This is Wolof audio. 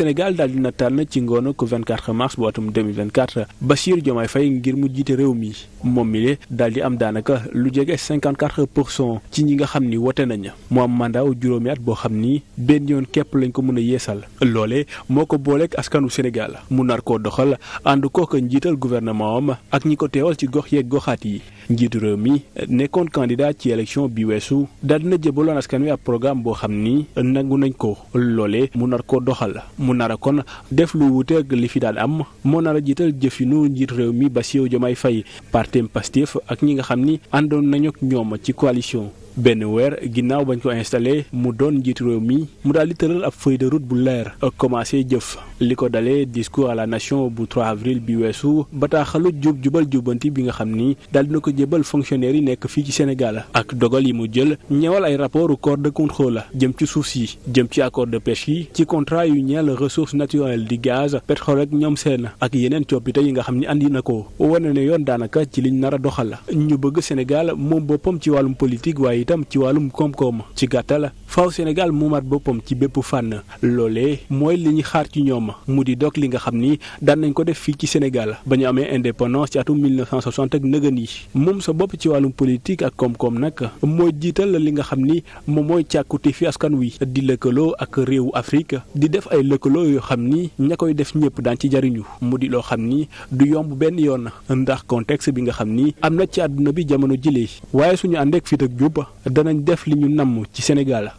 Sénégal daal dina tànn ci ngoon ko 24 mars bu atum 2024 Bassirou Diomaye Faye ngir mu jiite réew mi moom mi le daal di am daanaka lu jege 54 pour cent ci ñi nga xam ni wote nañ mu am mandat juróomi at boo xam ni benn yoon képp lañ ko mën a yeesal loole moo ko booleek askanu Sénégal mu nar koo doxal ànd kooka njiital gouvernement am ak ñi ko teewal ci gox yeeg goxaat yi njiitu réew mi nekkoon candidat ci élection bi weesu daal na jëbaloon askan wi ab programme boo xam ni nangu nañ ko loole mu nar koo doxal mu nar a kon def lu wuteeg li fi daan am moo nar a jiital jëfinu njiit réew mi Bassirou Diomaye fay partem Pastef ak ñi nga xam ni àndoon nañu ak ñoom ci coalition benn weer ginnaaw bañ ko installé mu doon njiitu réew mi mu daal di tëral ab feuille route bu leer commencé jëf li ko dalee discours à la nation bu 3 avril bi weesu bataaxalu jub jubal jubbanti bi nga xam ni daal na ko jébal fonctionnaire yi nekk fii ci Sénégal ak dogal yi mu jël ñëwal ay rapport corps de la jëm ci suuf si jëm ci accord de pêche yi ci contrat yu ñeel ressources naturelles di gaz pétrole ak ñoom seen ak yeneen coppite yi nga xam ni andi na ko wane ne yoon daanaka ci liñ nar a doxal ñu bëgg Sénégal moom boppam ci wàllum politique waaye itam ci wàllum koom-koom ci gàttal faaw Sénégal moomaat boppam ci bépp fànn loole mooy li ñu xaar ci ñoom mu di dog li nga xam ni daan nañ ko def fii ci Sénégal ba ñu amee indépendance ci atum 1960 ak nëgën yi moom sa bopp ci wàllum politique ak koom-koom nag mooy jiital li nga xam ni moom mooy càkkute fi askan wi di lëkkaloo ak réewu Afrique di def ay lëkkaloo yoo xam ni ña koy def ñëpp daan ci jariñu mu di loo xam ni du yomb benn yoon ndax kontex bi nga xam ni am na ci àdduna bi jamono jile waaye suñu àndeek ak jub danañ def li ñu namm ci Sénégal